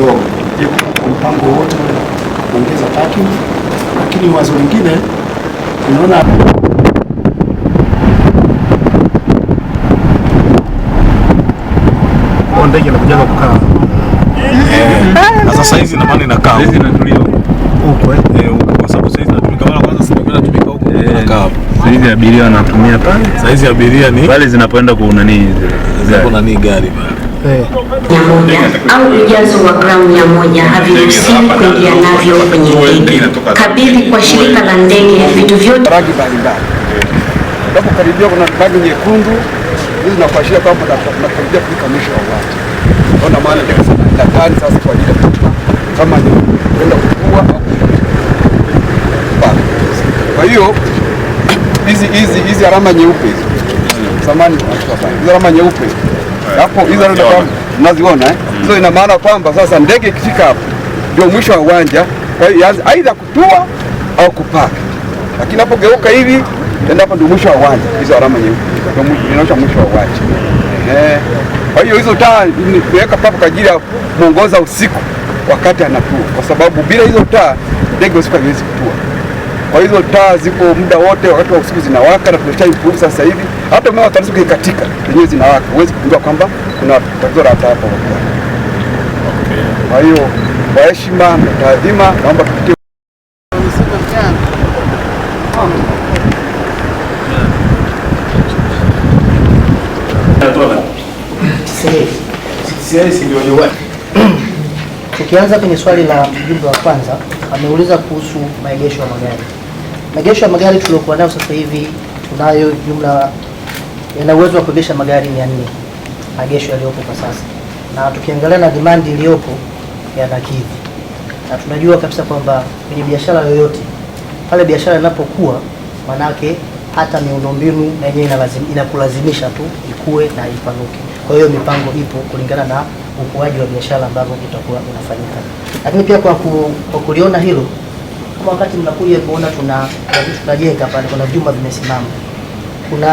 kidogo kwa mpango wote kuongeza parking, lakini wazo lingine tunaona ndege inakuja kukaa na eh, sasa hizi na maana inakaa hizi inatulia huko eh, eh kwa sababu sasa hizi inatumika mara kwanza, sasa inatumika huko eh. inakaa sasa hizi abiria wanatumia pale, sasa hizi abiria ni pale zinapoenda kwa nani zile zile nani gari pale na eh. au ujazo wa gramu mia moja haviruhusiwi kuingia navyo kwenye ndege. Kabidhi kwa shirika la ndege vitu vyote. Rangi mbalimbali unapokaribia, kuna rangi nyekundu, hizi zinakuashiria kwamba unakaribia kufika mwisho wa uwanja. Ndio maana ndege sasa kwa ajili ya kama ni kwenda kukua. Kwa hiyo hizi hizi hizi alama nyeupe, samahani, hizi alama nyeupe hapo hizo naziona eh? Mm. So ina maana kwamba sasa ndege ikifika hapo ndio mwisho wa uwanja, kwa hiyo aidha kutua au kupaka, lakini geuka hivi tenda hapo ndio mwisho wa uwanja, hizo alama nyeupe inaonyesha mwisho wa uwanja eh. Kwa hiyo hizo taa niweka papo kwa ajili ya mwongoza usiku wakati anatua, kwa sababu bila hizo taa ndege usiku haiwezi kutua. Kwa hizo taa ziko muda wote, wakati wa usiku zinawaka, na tumesha improve sasa hivi, hata umeme tatizo kikatika yenyewe zinawaka, huwezi kujua kwamba kuna tatizo la taa hapo. Kwa hiyo kwa heshima na taadhima, naomba tupitie tukianza kwenye swali la mjumbe wa kwanza ameuliza kuhusu maegesho ya magari. Maegesho ya magari tuliokuwa nayo sasa hivi tunayo jumla yana uwezo wa kuegesha magari 400 maegesho yaliyopo kwa sasa, na tukiangalia na demand iliyopo yanakidhi, na tunajua kabisa kwamba kwenye biashara yoyote pale biashara inapokuwa, manake hata miundombinu na yenyewe inakulazimisha tu ikue na ipanuke. Kwa hiyo mipango ipo kulingana na ukuaji wa biashara ambavyo itakuwa unafanyika, lakini pia kwa, ku, kwa kuliona hilo kwa wakati mnakuja kuona tuna vitu tunajenga pale, kuna vyuma vimesimama, kuna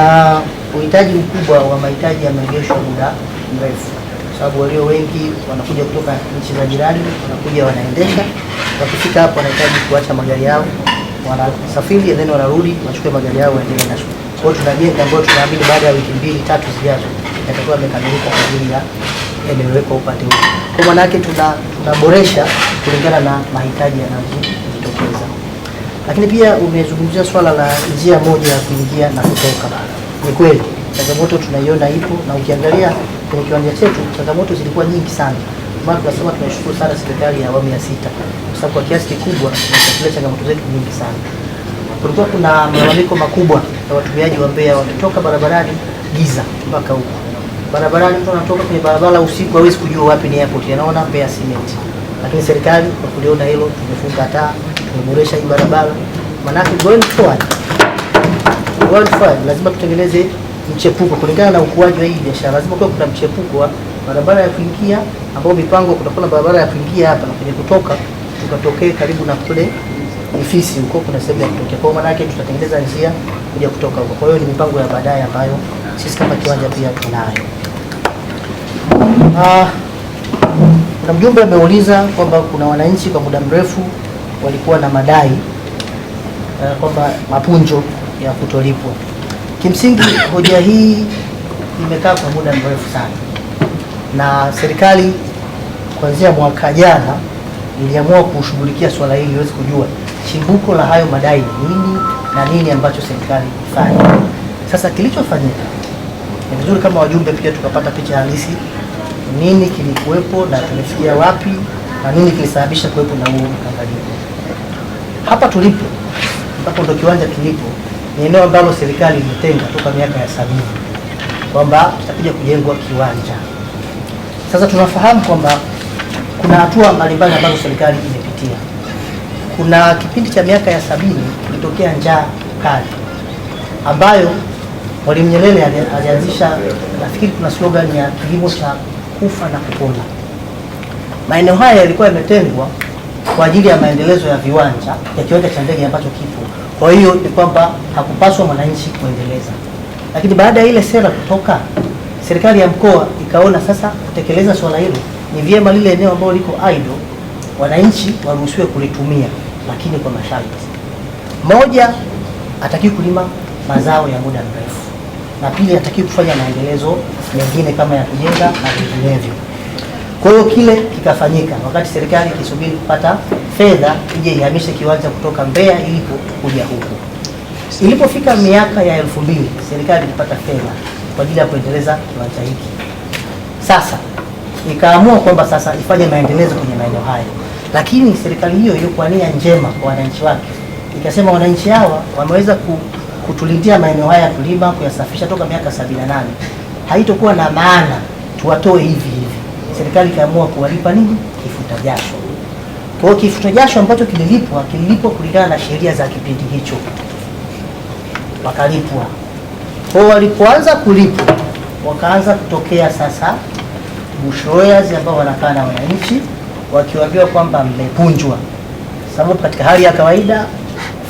uhitaji mkubwa wa mahitaji ya maegesho muda mrefu, kwa sababu walio wengi wanakuja kutoka nchi za jirani, wanakuja wanaendesha, wakifika hapo wanahitaji kuacha magari yao, wanasafiri then wanarudi, wachukue magari yao waendelee na shughuli. Kwa hiyo tunajenga ambayo tunaamini baada ya wiki mbili tatu zijazo yatakuwa yamekamilika kwa ajili ya eneo yamewekwa upate huu. Kwa maana yake tunaboresha kulingana na mahitaji yanayozidi kuwekeza. Lakini pia umezungumzia swala la njia moja ya kuingia na kutoka. Ni kweli changamoto tunaiona ipo, na ukiangalia kwenye kiwanja chetu changamoto zilikuwa nyingi sana. Mara tunasema tunashukuru sana serikali ya awamu ya sita kwa sababu kwa kiasi kikubwa tunatatua changamoto zetu nyingi sana. Kulikuwa kuna malalamiko makubwa ya watumiaji wa Mbeya wakitoka barabarani giza mpaka huko barabarani, mtu anatoka kwenye barabara usiku hawezi kujua wapi ni airport, anaona Mbeya Cement. Lakini serikali kwa kuliona hilo tumefunga taa kuboresha hii barabara, manake going forward, going forward lazima tutengeneze mchepuko kulingana na ukuaji wa hii biashara. Lazima kuwe kuna mchepuko wa barabara ya kuingia, ambapo mipango kutakuwa na barabara ya kuingia hapa na kwenye kutoka, tukatokee karibu na kule ofisi huko kuna sehemu ya kutokea. Kwa maana yake tutatengeneza njia kuja kutoka huko. Kwa hiyo ni mipango ya baadaye ambayo sisi kama kiwanja pia tunayo. Ah, na mjumbe ameuliza kwamba kuna wananchi kwa muda mrefu walikuwa na madai uh, kwamba mapunjo ya kutolipwa. Kimsingi hoja hii imekaa kwa muda mrefu sana, na serikali kuanzia mwaka jana iliamua kushughulikia swala hili iweze kujua chimbuko la hayo madai ni nini na nini ambacho serikali ifanye. Sasa kilichofanyika ni vizuri kama wajumbe pia tukapata picha halisi, nini kilikuwepo na tumefikia wapi na nini kilisababisha kuwepo na huu mkanganyiko. Hapa tulipo ambapo ndo kiwanja kilipo ni eneo ambalo serikali imetenga toka miaka ya sabini kwamba kitakuja kujengwa kiwanja. Sasa tunafahamu kwamba kuna hatua mbalimbali ambazo serikali imepitia. Kuna kipindi cha miaka ya sabini kulitokea njaa kali ambayo Mwalimu Nyerere alianzisha, nafikiri kuna slogan ya kilimo cha kufa na kupona Maeneo haya yalikuwa yametengwa kwa ajili ya maendelezo ya viwanja ya kiwanja cha ndege ambacho kipo. Kwa hiyo ni kwamba hakupaswa mwananchi kuendeleza, lakini baada ya ile sera kutoka, serikali ya mkoa ikaona sasa kutekeleza swala hilo ni vyema lile eneo ambalo liko idle wananchi waruhusiwe kulitumia, lakini kwa masharti. Moja, atakiwe kulima mazao ya muda mrefu, na pili, atakiwi kufanya maendelezo mengine kama ya kujenga na vinginevyo. Kwa hiyo kile kikafanyika wakati serikali ikisubiri kupata fedha ije ihamishe kiwanja kutoka Mbeya ili kuja huku. Ilipofika miaka ya elfu mbili serikali ilipata fedha kwa ajili ya kuendeleza kiwanja hiki. Sasa ikaamua kwamba sasa ifanye maendeleo kwenye maeneo hayo, lakini serikali hiyo iliyokuwa nia njema kwa wananchi wake ikasema, wananchi hawa wameweza kutulindia maeneo haya ya kulima kuyasafisha toka miaka 78 haitokuwa na maana tuwatoe hivi serikali ikaamua kuwalipa nini, kifuta jasho. Kwa hiyo kifuta jasho ambacho kililipwa kililipwa kulingana na sheria za kipindi hicho, wakalipwa. Kwa hiyo walipoanza kulipwa, wakaanza kutokea sasa bushoyas ambao wanakaa na wananchi wakiwaambia kwamba mmepunjwa, sababu katika hali ya kawaida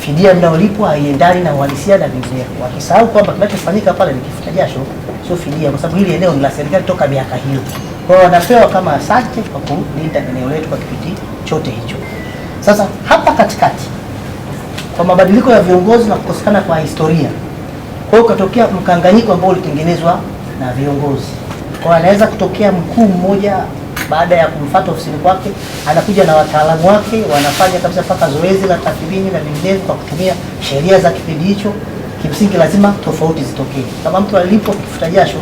fidia mnaolipwa haiendani na uhalisia na vinginevyo, wakisahau kwamba kinachofanyika pale ni kifuta jasho sio fidia, kwa sababu hili eneo ni la serikali toka miaka hiyo. Kwa hiyo wanapewa kama asante kwa kulinda eneo letu kwa kipindi chote hicho. Sasa hapa katikati kwa mabadiliko ya viongozi na kukosekana kwa historia, kwa hiyo ukatokea mkanganyiko ambao ulitengenezwa na viongozi. Kwa anaweza kutokea mkuu mmoja baada ya kumfuata ofisini kwake anakuja na wataalamu wake wanafanya kabisa mpaka zoezi la tathmini na vinginevyo kwa kutumia sheria za kipindi hicho kimsingi lazima tofauti zitokee. Kama mtu alipo kifuta jasho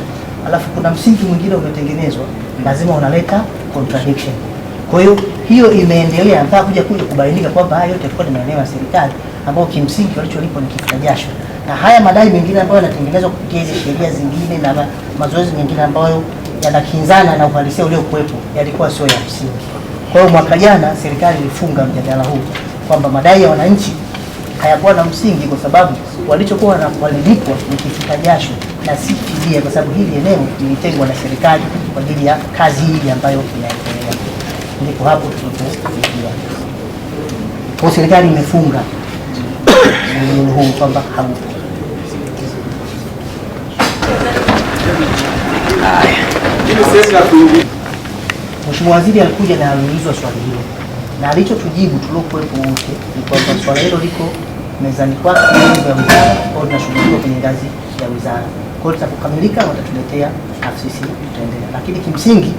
alafu kuna msingi mwingine umetengenezwa, lazima unaleta contradiction. Kwa hiyo hiyo imeendelea mpaka kuja kuja kubainika kwamba haya yote yalikuwa ni maeneo ya serikali ambao kimsingi walicholipo ni kifuta jasho, na haya madai mengine ambayo yanatengenezwa kupitia hizi sheria zingine na mazoezi mengine ambayo yanakinzana na uhalisia uliokuwepo yalikuwa sio ya msingi. Kwa hiyo mwaka jana serikali ilifunga mjadala huu kwamba madai ya wananchi hayakuwa na msingi, kwa sababu walichokuwa wanalipwa ni kifuta jasho na si fidia, kwa sababu hili eneo lilitengwa na serikali kwa ajili ya kazi hii ambayo inaendelea. Ndipo hapo tulipofikia kwa serikali imefunga mnyenye huu kwamba haupo. Mheshimiwa Waziri alikuja na aliulizwa swali hilo na alichotujibu tuliokuwepo wote ni kwamba swala hilo liko mezani kwake ya wizara au linashughulikiwa kwenye ngazi ya wizara. Kwa hiyo litapokamilika watatuletea afu sisi tutaendelea, lakini kimsingi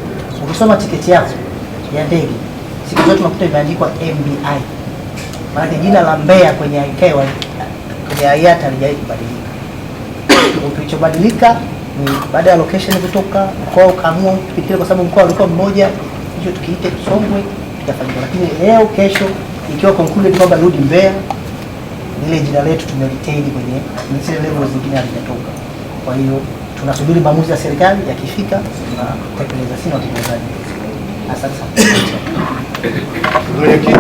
ukisoma tiketi yako ya ndege siku zote unakuta imeandikwa MBI, maanake jina la Mbeya kwenye ICAO kwenye IATA halijawahi kubadilika. Kilichobadilika ni baada ya location kutoka mkoa ukaamua tupitie, kwa sababu mkoa ulikuwa mmoja, hicho tukiite Songwe itafanyika, lakini leo kesho ikiwa concluded kwamba rudi Mbeya, lile jina letu tumeretain kwenye zile level zingine halijatoka. Kwa hiyo tunasubiri maamuzi ya serikali, yakifika tunatekeleza sisi watekelezaji. Asante sana.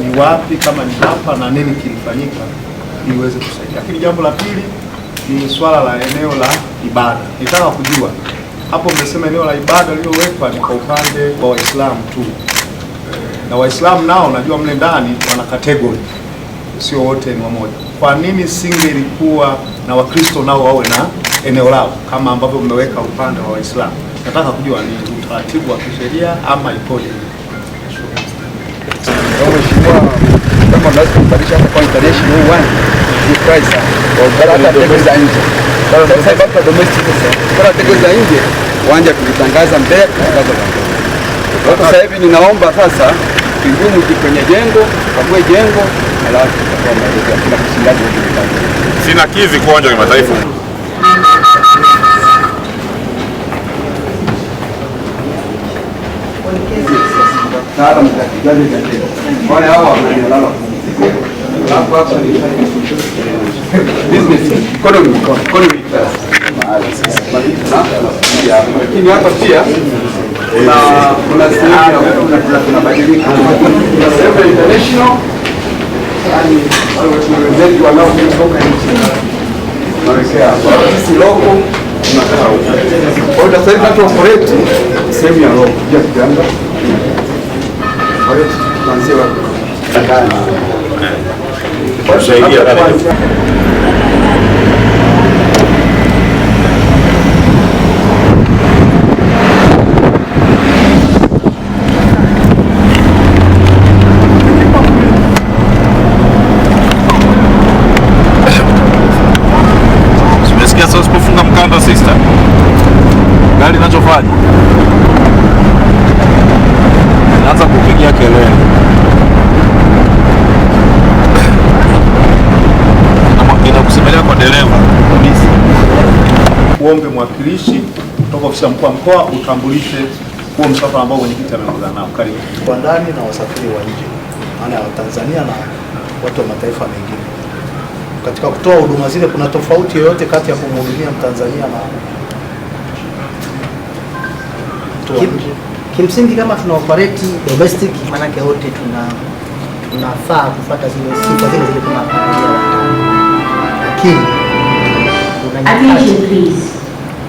Ni wapi kama ni hapa na nini kilifanyika iweze kusaidia. Lakini jambo la pili ni swala la eneo la ibada, nitaka kujua hapo, mmesema eneo la ibada lililowekwa ni kwa upande wa Waislamu tu na Waislamu nao najua mle ndani wana category, sio wote ni wamoja. Kwa nini singe ilikuwa na Wakristo nao wawe na eneo lao kama ambavyo mmeweka upande wa Waislamu? Nataka kujua ni utaratibu wa kisheria ama ipoje? nje wanja kulitangaza mbele. Sasa hivi ninaomba sasa vigumu kwenye jengo, ukague jengo halafu sina kizi kuwanja kimataifa lakini hapa pia tunabadilika eh. international, yani wenzetu wanaotoka nchi Marekani, sisi loko tunakaa huko. Kwa hiyo sasa hivi tunaoperate sehemu ya loko ya Uganda, kwa hiyo tunaanzia wapi? uombe mwakilishi kutoka ofisi ya mkuu wa mkoa utambulishe huo msafara ambao mwenyekiti ameongozana nao. Karibu kwa ndani na wasafiri wa nje, maana ya Tanzania na watu wa mataifa mengine. Katika kutoa huduma zile, kuna tofauti yoyote kati ya kumhudumia Mtanzania na Kimsingi kama tuna operate domestic, maanake wote tuna tunafaa kufuata zile sifa zile zile kama lakini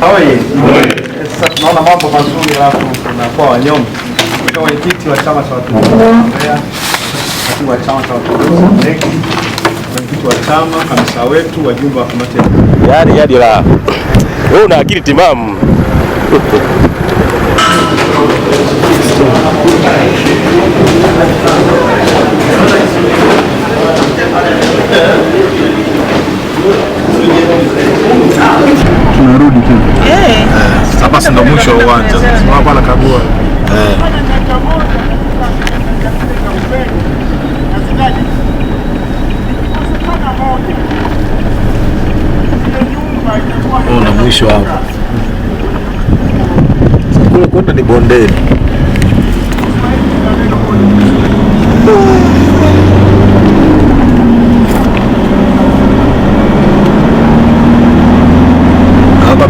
Hoye, sasa tunaona mambo mazuri, alafu tunakuwa wanyonge. Kwa mwenyekiti wa chama cha watumishi Mbeya, katibu wa chama cha watumishi NEC, mwenyekiti wa chama, kamisa wetu, wajumbe wa kamati ya yadi yadi la wewe, una akili timamu ndo mwisho wa uwanja hapa anakagua eh. mwisho hapo kule kwenda ni bondeni.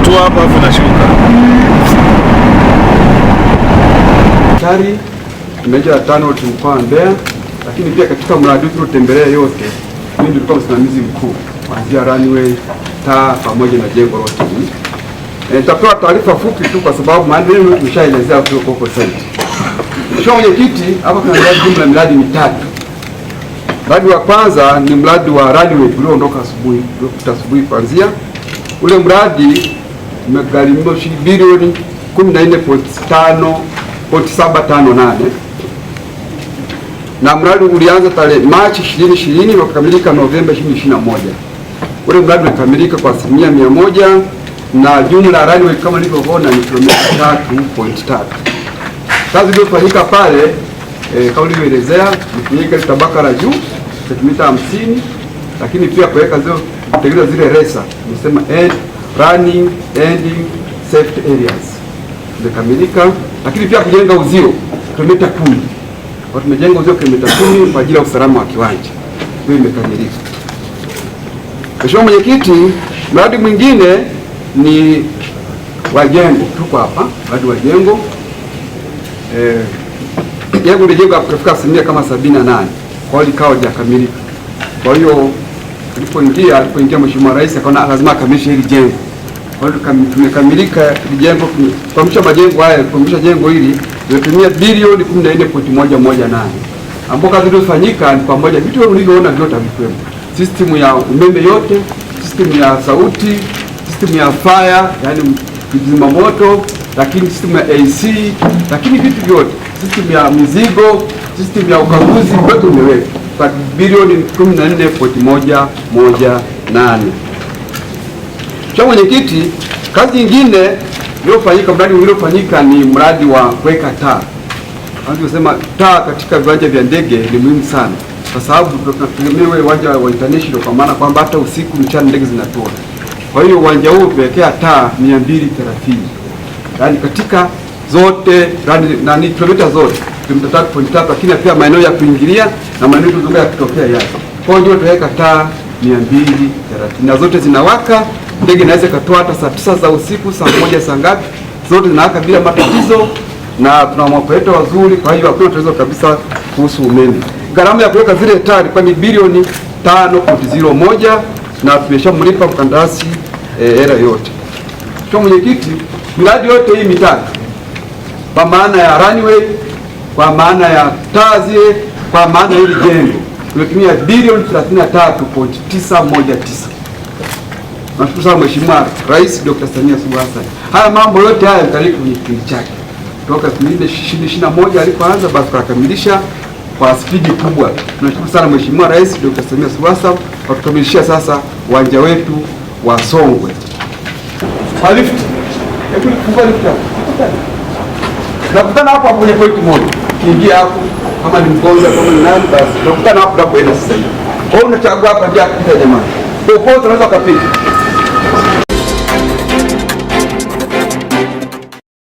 natua hapa afu nashuka. Daktari meja tano wetu mkoa wa Mbeya, lakini pia katika mradi huu tulotembelea yote, mimi nilikuwa msimamizi mkuu kuanzia runway, taa pamoja na jengo lote. Eh, Nitatoa taarifa fupi tu kwa sababu maana mimi nimeshaelezea kwa kwa sasa. Mheshimiwa Mwenyekiti, hapa kuna miradi jumla miradi mitatu. Mradi wa kwanza ni mradi wa runway ulioondoka asubuhi, uliokuta asubuhi kuanzia ule mradi imegharimu shilingi bilioni 14.758 na mradi ulianza tarehe Machi 2020 na kukamilika Novemba 2021. Ule mradi ulikamilika kwa asilimia mia moja na jumla ya runway kama nilivyoona ni kilomita 3.3. Kazi iliyofanyika pale eh, kama nilivyoelezea nifanyika tabaka la juu sentimita 50, lakini pia kuweka zile zile resa nimesema running and safety areas zimekamilika, lakini pia kujenga uzio kilomita kumi kwa tumejenga uzio kilomita kumi kwa ajili ya usalama wa kiwanja, hiyo imekamilika. Mheshimiwa Mwenyekiti, mradi mwingine ni wajengo, tuko hapa mradi wa jengo eh, jengo lijengwa kufika asilimia kama sabini na nane kwa hiyo likawa likakamilika, kwa hiyo Alipoingia alipoingia Mheshimiwa Rais akaona lazima akamilishe hili jengo. Kwa hiyo tumekamilika hili jengo, kukamilisha majengo haya, kukamilisha jengo hili tumetumia bilioni 14.118 ambapo kazi iliyofanyika ni pamoja vitu ulivyoona vyote vikiwemo system ya umeme yote, system ya sauti, system ya fire, yani kizima moto, lakini system ya AC, lakini vitu vyote, system ya mizigo, system ya ukaguzi, vyote umeweka za bilioni 14.118. Cha mwenyekiti, kazi nyingine iliyofanyika, mradi uliofanyika ni mradi wa kuweka taa. Anavyosema taa katika viwanja vya ndege ni muhimu sana, kwa sababu tunategemea uwanja wa international, kwa maana kwamba hata usiku, mchana ndege zinatoa Kwa hiyo uwanja huo umewekea taa 230 yaani katika zote yaani kilomita zote kilomita 3.3, lakini pia maeneo ya kuingilia na maneno zoga yakitokea yale. Kwa hiyo ndio taa 230 na zote zinawaka. Ndege inaweza ikatoa hata saa tisa za usiku, saa moja, saa ngapi, zote zinawaka bila matatizo, na tuna maoperator wazuri. Kwa hiyo hakuna tatizo kabisa kuhusu umeme. Gharama ya kuweka zile taa ilikuwa ni bilioni 5.01 na tumeshamlipa mkandarasi eh, hela e, yote. Kwa mwenyekiti, miradi yote hii mitatu kwa maana ya runway, kwa maana ya taa zile kwa maana hili jengo tumetumia bilioni 33.919. Nashukuru sana Mheshimiwa Rais Dr. Samia Suluhu Hassan. Haya mambo yote haya yalikalika kwenye kipindi chake toka 2021 alipoanza, basi kakamilisha kwa spidi kubwa. Tunashukuru sana Mheshimiwa Rais Dr. Samia Suluhu Hassan kwa kukamilishia sasa uwanja wetu wa Songwe kwa lift. Nakutana hapo hapo kwenye point moja, ingia hapo kama ni mgonjwa, kama ni nani, basi tunakutana hapo tunapoenda sasa hivi. Kwa hiyo unachagua hapa ndio akipita, jamani, popote unaweza kupita.